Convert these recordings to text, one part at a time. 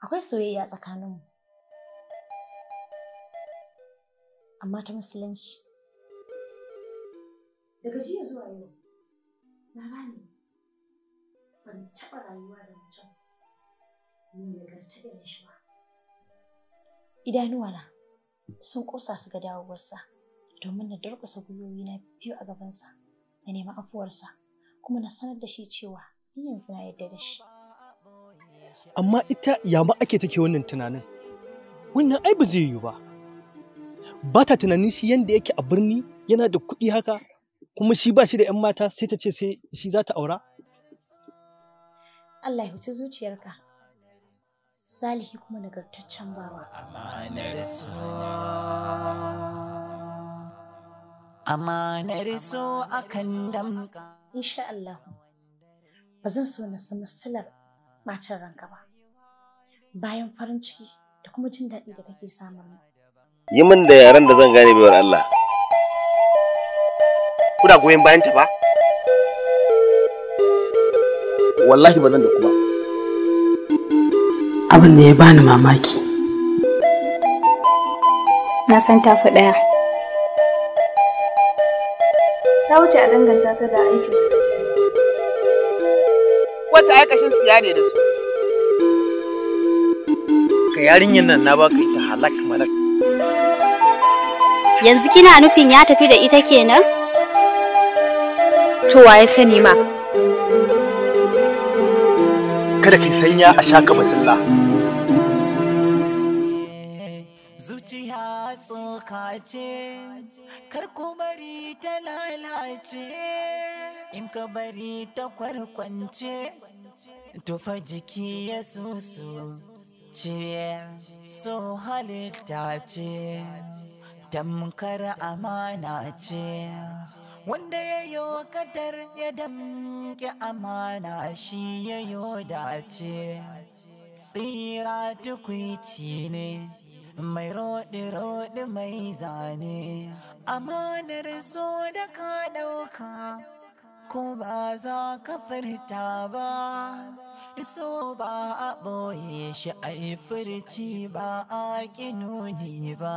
akwai soyayya tsakaninmu amma ta musulunci daga jiya zuwa yau na gane ban taɓa rayuwa da mutum mai nagarta da shi ba idanuwana sun ƙosa su ga dawowarsa domin na durƙusa gwiwowi na biyu a gabansa na nemi afuwarsa kuma na sanar da shi cewa ni yanzu na yarda da shi. Amma ita ya ma ake take wannan tunanin? Wannan ai ba zai yiwu ba. Ba ta tunanin shi yanda yake a birni yana da kuɗi haka kuma shi ba shi da 'yan mata sai ta ce sai shi za ta aura? Allah ya huci zuciyarka. Salihi kuma nagartaccen bawa. Amanar so akan damka. insha Allah ba zan so na samu silar ɓacin ranka ba bayan farin ciki da kuma jin daɗi da kake samu mu. Yi min da yaren da zan gane baiwar Allah. Kuna goyon bayan ta ba? Wallahi ba nan da kuma. Abin da ya bani mamaki. Na san tafi ɗaya. ta wuce a danganta ta da aikin sakatare. Wata aikashin siya ne da su. Ka yarinyar nan na baka ita halak malak. Yanzu kina nufin ya tafi da ita kenan? To waye sani ma. Kada kai sanya a shaka masalla. zuciya tsoka ce kar ku bari ta lalace in ka bari ta kwarkwance tufa jiki ya susu ce so halitta ce tamkar amana ce wanda ya yi kadar ya damke amana shi ya yi dace tsira tukwici ne mai rode rode mai zane amanar zo da ka ɗauka ko ba za ka furta ba so ba a ɓoye shi a yi furci ba a nuni ba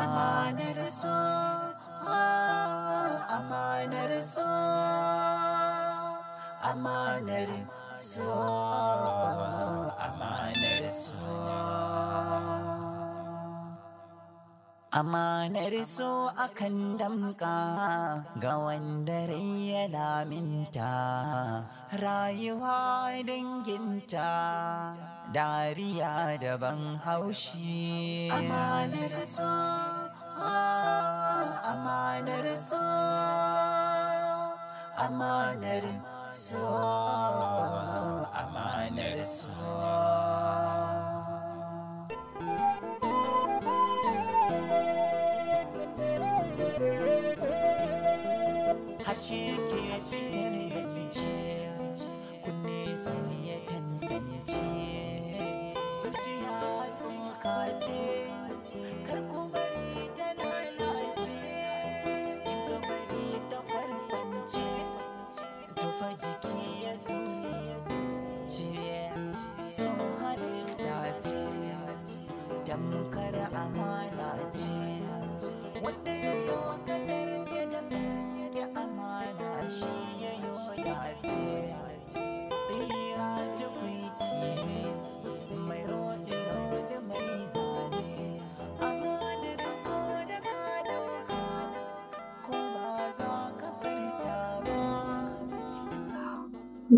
amanar so ah, amanar so amanar so amanar so Amanar so akan damka ga wanda ya laminta, rayuwa danginta, dariya da ban haushi. Amanar so, amanar so, amanar so, amanar so.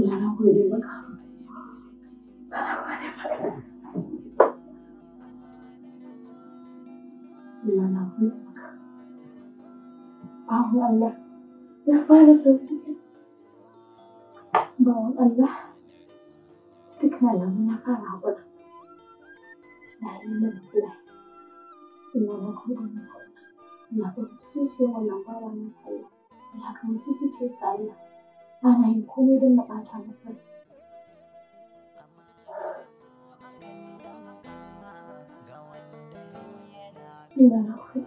Allah na gode maka. maka. fara sauki. Bawan Allah duk na fara haƙura. Na yi min kula. Ina ba ku Ina ba ku cikin wannan bawan Allah. 하나님공의를맛하면서나라고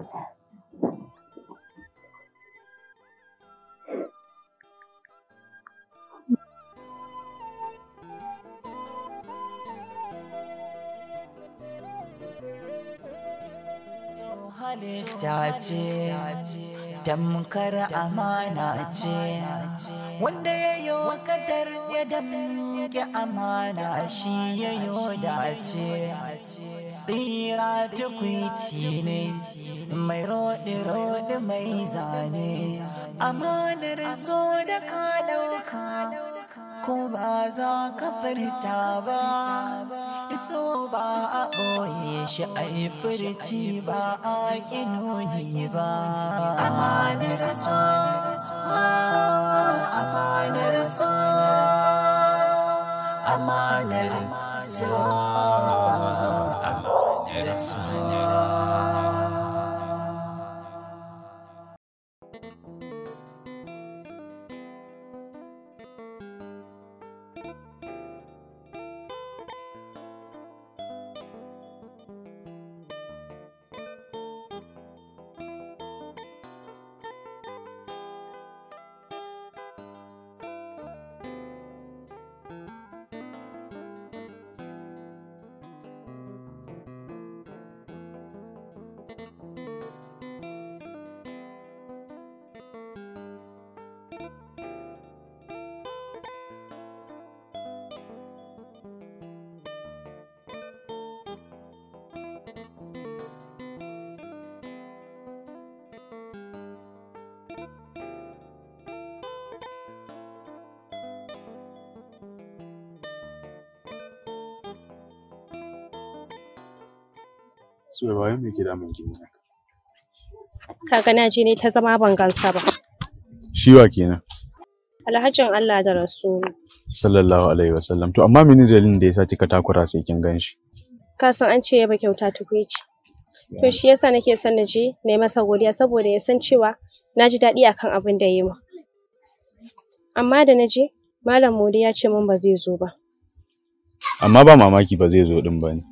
Thank you. damkar amana ce wanda ya yi wa kadar ya damke amana shi ya yi dace tsira tukwici ne mai roɗi-roɗi mai zane amanar zo da ka dauka ko ba za ka furta ba Iso ba a ɓoye shi a yi furci ba a ƙinoni ba amanar so amanar so amanar so amanar so Música Saboda ba wai damun Kaga na je ne ta zama ban gansa ba. Shi wa kenan? Alhajin Allah da Rasulu. Sallallahu alaihi wasallam. To amma mini dalilin da yasa kika takura sai kin ganshi? Ka san an ce ya ba kyauta tukuici. To shi yasa nake son na je na yi masa godiya saboda ya san cewa na ji daɗi akan abin da ya yi min. Amma da na je, Malam Mudi ya ce min ba zai zo ba. Amma ba mamaki ba zai zo ɗin ba ne.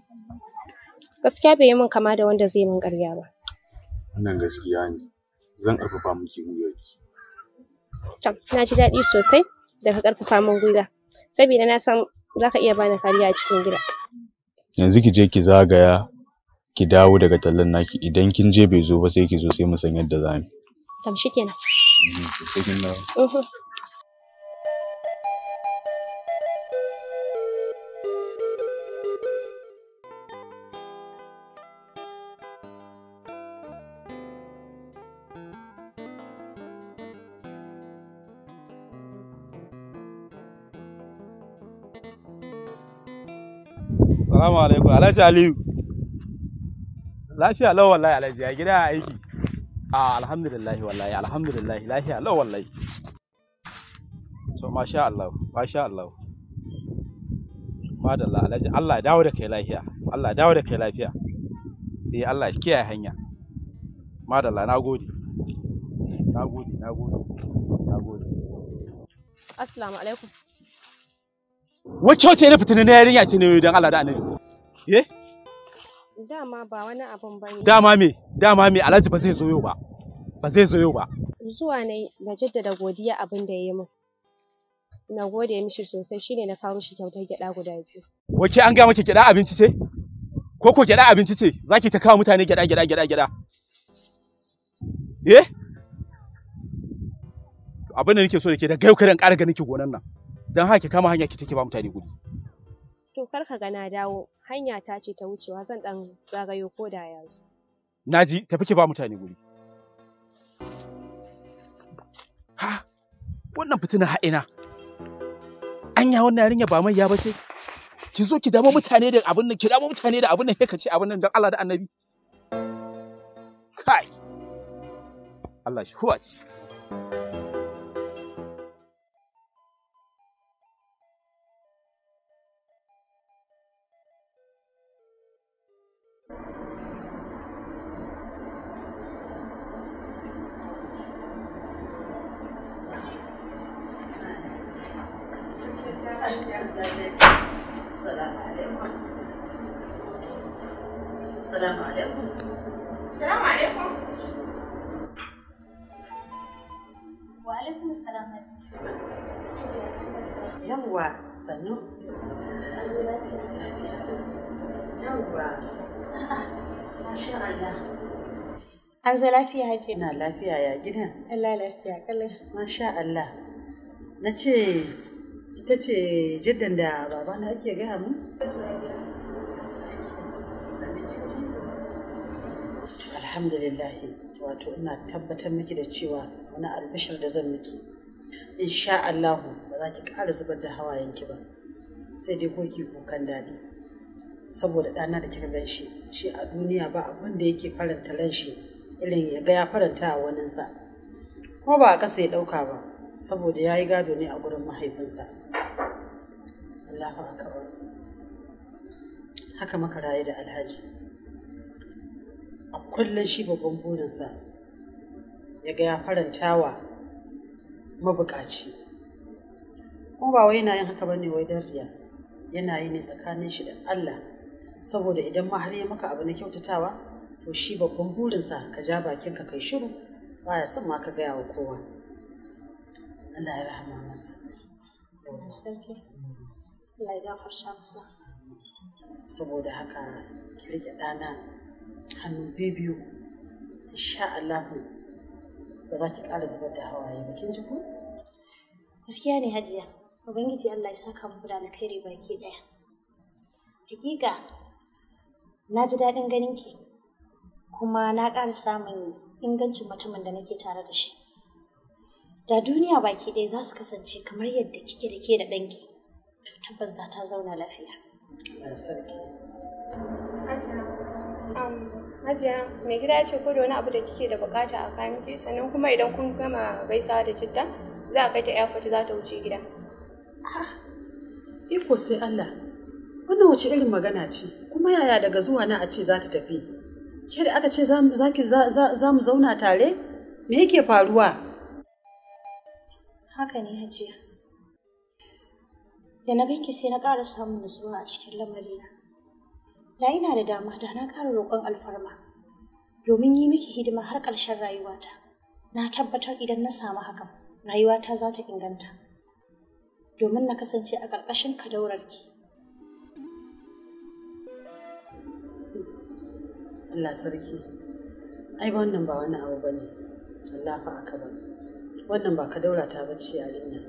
gaskiya bai yi min kama da wanda zai min ƙarya ba wannan gaskiya ne zan ƙarfafa miki gwiwarki to na ji daɗi sosai da ka ƙarfafa min gwiwa saboda na san zaka iya bani kariya a cikin gida yanzu ki je ki zagaya ki dawo daga tallan naki idan kin je bai zo ba sai ki zo sai mu san yadda za mu tam shikenan mhm, Salamu alaikum. Alhaji Aliyu. Lafiya lau wallahi Alhaji ya gida aiki. A alhamdulillahi wallahi alhamdulillahi lafiya lau wallahi. To masha Allah masha Allah. Madalla Alhaji Allah ya dawo da kai lafiya. Allah ya dawo da kai lafiya. Eh Allah ya kiyaye hanya. Madalla na gode. Na gode na gode. Assalamu alaikum. Wace wace ne fitina na yarinya ce ne don Allah da annabi. Ye? Dama ba wani abun ba ne. Dama me? Dama me Alhaji ba zai zo yau ba. Ba zai zo yau ba. Zuwa ne na jaddada godiya abin da ya yi min. Na gode mishi sosai shine na kawo mishi kyautar gyaɗa guda biyu. Wace an ga maki gyaɗa abinci ce? Ko ko gyaɗa abinci ce? Za ki ta kawo mutane gyaɗa gyaɗa gyaɗa gyaɗa. Ye? Abin da nake so da ke da gaukaren ƙara ganin ki gonan nan. don haka ki kama hanya ki take ba mutane guri to kar ka gana dawo hanya ta ce ta wucewa zan dan zagayo ko da ya zo naji tafi ki ba mutane guri ha wannan fitina ha'ina anya wannan yarinya ba mai ya ce? ki zo ki dama mutane da abin nan ki dama mutane da abin nan ka ce abin nan don Allah da Annabi kai Allah shi huwaci السلام عليكم السلام عليكم السلام عليكم An lafiya ce. Na lafiya ya gidan. Allah lafiya Masha Allah. Na ce ita ce jiddan da babana ake gaya mu? alhamdulillah wato ina tabbatar miki da cewa wani albishir da zan miki insha Allah ba za ki ƙara zubar da hawa yanki ba sai dai ko ki kukan daɗi saboda ɗana da kika gan shi shi a duniya ba abin da yake faranta ran shi irin ya ga ya faranta a waninsa Ko ba a ƙasa ya ɗauka ba saboda ya yi gado ne a gurin mahaifinsa Allahu akbar haka maka rayu da alhaji a kullum shi babban burinsa ya ga ya faranta wa mabukaci kuma ba wai yana yin haka bane wai dan riya yana yi ne tsakanin shi da Allah saboda idan ma har ya maka abu na kyautatawa to shi babban burinsa ka ja bakin ka kai shiru baya son ma ka gaya wa kowa Allah ya rahama masa. Allah ya gafarta saboda haka ki rike ɗana hannu biyu insha Allah ba za ki ƙara zubar da hawaye ba kin ji gaskiya ne hajiya ubangiji Allah ya saka muku da alkhairi baki ɗaya hakika na ji daɗin ganin ki kuma na ƙara samun ingancin mutumin da nake tare da shi da duniya baki ɗaya za su kasance kamar yadda kike da ke da ɗanki to tabbas da ta zauna lafiya Hajiya, um, mai gida ya ce ko da wani abu da kike da bukata a kanji sannan kuma idan kun gama gaisawa da jidda za a kai ta airport za ta wuce gida. Iko sai Allah, wannan wace irin magana ce, kuma yaya daga zuwa na a ce za ta tafi? Ke da aka ce za mu zauna tare? Me yake faruwa? Haka ne Hajiya. da na ganki sai na ƙara samun nutsuwa a cikin lamarina na ina da dama da na ƙara roƙon alfarma domin yi miki hidima har ƙarshen rayuwata na tabbatar idan na samu hakan rayuwata za ta inganta domin na kasance a ƙarƙashin kadaurarki Allah sarki ai ba wannan ba wani abu ba ne, Allah fa aka ba wannan ba daura ta bace yarinya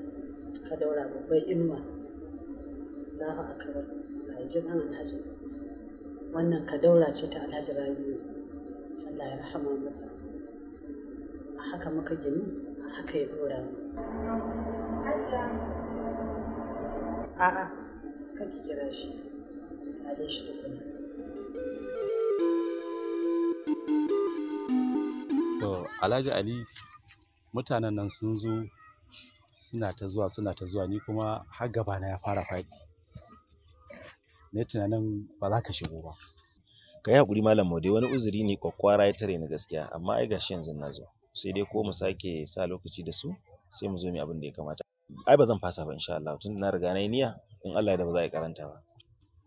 kadaura babban imma Allahu a Allah ya ji alhaji wannan daura ce ta alhaji Rabi'u Allah ya rahama masa a haka muka gini, a haka ya dora mu a'a ka ki kira shi tsare shi tukuna to Alhaji Ali mutanen nan sun zo suna ta zuwa suna ta zuwa ni kuma har gaba na ya fara faɗi na tunanin ba za ka shigo ba ka yi haƙuri malam maude wani uzuri ne kwakwara ya tare ni gaskiya amma ai gashi yanzu na zo sai dai ko mu sake sa lokaci da su sai mu zo mu abin da ya kamata ai ba zan fasa ba insha Allah tun na riga na yi niyya in Allah ya da ba za a karanta ba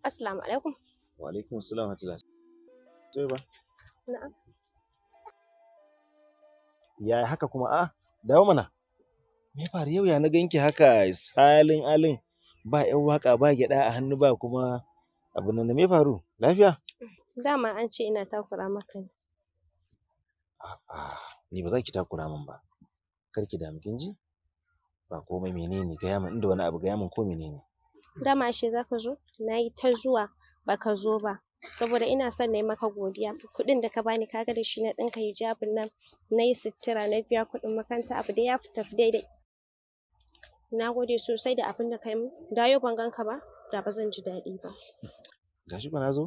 assalamu alaikum wa alaikum assalam wa rahmatullahi sai ba na'am ya haka kuma a dawo mana me faru yau ya na ganki haka salin alin ba yan waka ba gyada a hannu ba kuma abin nan da me faru lafiya dama an ce ina takura maka ne a'a ni ba za ki takura min ba kar ki damu kin ji ba komai menene gaya min inda wani abu gaya min ko menene dama ashe za ka zo na yi ta zuwa baka zo ba saboda ina son na yi maka godiya kuɗin da ka bani ka ga da shi na ɗinka hijabin nan na yi sutura na biya kuɗin makaranta abu dai ya fita daidai na gode sosai da abin da ka yi min da yau ban gan ka ba da ba zan ji daɗi ba gashi ba na zo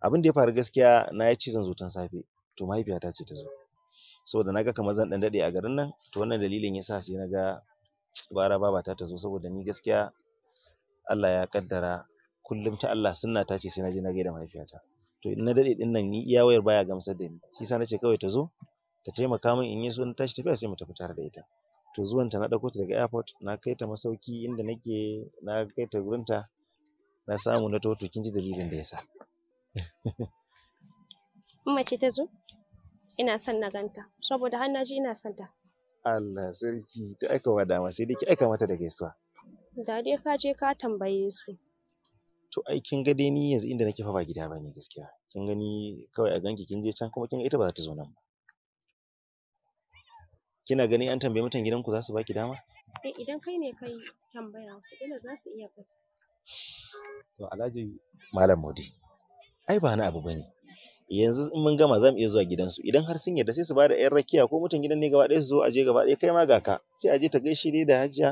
abin da ya faru gaskiya na yi cizon tun safe to mahaifiyata ce ta zo saboda na ga kamar zan ɗan daɗe a garin nan to wannan dalilin ya sa sai na ga gwara babata ta zo saboda ni gaskiya Allah ya kaddara kullum ta Allah sunna ta ce sai na je na gaida mahaifiyata to in na daɗe ɗin nan ni iya wayar baya gamsar da ni shi na ce kawai ta zo ta taimaka min in yi so na tashi tafiya sai mu tafi tare da ita to zuwanta na ɗauko ta daga airport na kai ta masauki inda nake na kai ta gurinta na samu na toto kin ji dalilin da yasa Amma mace ta zo ina son na ganta saboda har na ji ina son ta Allah sarki ta aika wa dama sai dai ki aika mata da gaisuwa da dai ka je ka tambaye su to ai kin ga dai ni yanzu inda nake fa ba gida bane gaskiya kin gani kawai a ganki kin je can kuma kin ga ita ba za ta zo nan ba kina gani an tambaye mutan gidanku za su baki dama? Eh idan kai ne kai tambaya, kila za su iya ba. to alhaji malam mudi ai ba na abu bane yanzu in mun gama zamu iya zuwa gidansu idan har sun yarda sai su bada yan rakiya ko mutum gidan ne gaba ɗaya su zo aje gaba ɗaya kai ma ga ka sai aje ta gaishe dai da hajja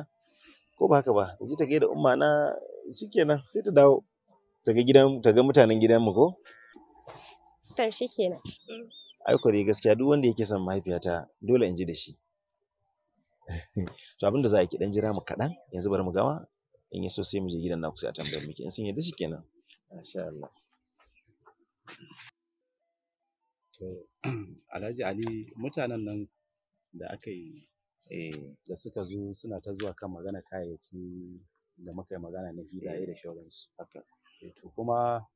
ko ba haka ba aje ta gaida umma na shikenan sai ta dawo ta ga gidan ta ga mutanen gidanmu ko tar shikenan ai kware gaskiya duk wanda yake son mahaifiyata dole in ji da shi to abin da za a ki dan jira mu kaɗan yanzu bari mu gama in so sai mu je gidan naku sai a tambayar miki in sun yi kenan masha Allah to Alhaji Ali mutanen nan da aka yi eh, da suka zo suna ta zuwa kan magana kayayyaki da muka yi magana na filaye da eh. shauransu haka eh, to kuma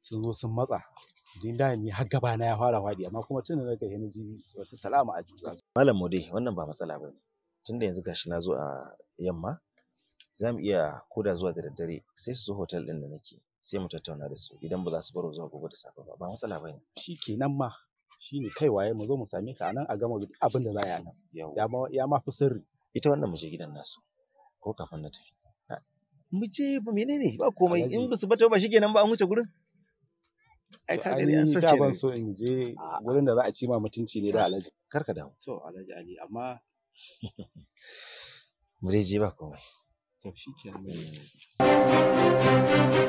sun zo sun matsa din da ni har gaba na ya fara fadi, amma kuma tun da na kai na ji wata salama a jiki malam mu wannan ba matsala bane tunda yanzu gashi na zo a yamma za mu iya koda zuwa da daddare sai su zo hotel ɗin da nake sai mu tattauna da su idan ba za su bar zuwa gobe da safe ba ba matsala ba ne. shi kenan ma shi ne kai waye mu zo mu same ka anan a gama abin da za a yi anan ya ma fi sirri. ita wannan mu je gidan nasu ko kafin na tafi. mu je ba menene ba komai in ba su bata ba shikenan ba an wuce gurin. ai ka gani an sace ban so in je gurin da za a ci ma mutunci ne da alhaji kar ka damu to alhaji ali amma mu je je ba komai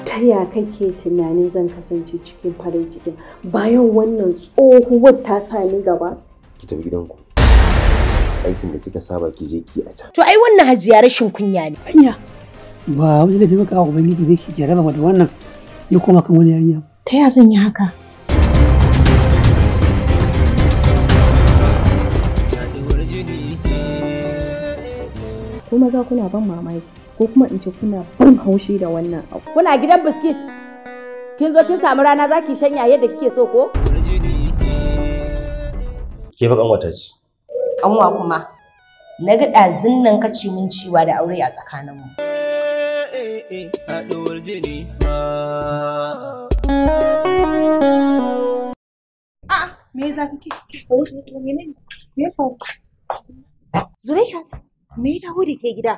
Ta ya kake tunanin zan kasance cikin farin ciki bayan wannan tsohuwar ta sa ni gaba? Ki tafi gidanku. Aikin da kika saba ki je ki a can. To ai wannan hajiya rashin kunya ne. Anya ba wani da fi bane ubangiji ne ke jaraba da wannan ya koma kan wani yarinya. Ta ya zan yi haka? kuma za kuna ban mamaki. ko kuma in ce kuna ban haushi da wannan abu kuna gidan biskit kin zo kin samu rana za zaki shanya yadda kike so ko ke fa kanwata ce kanwa kuma na ga ɗazin nan ci min ciwa da aure a tsakaninmu haɗuwar me za ki me Zulaihat, me dawo da ke gida?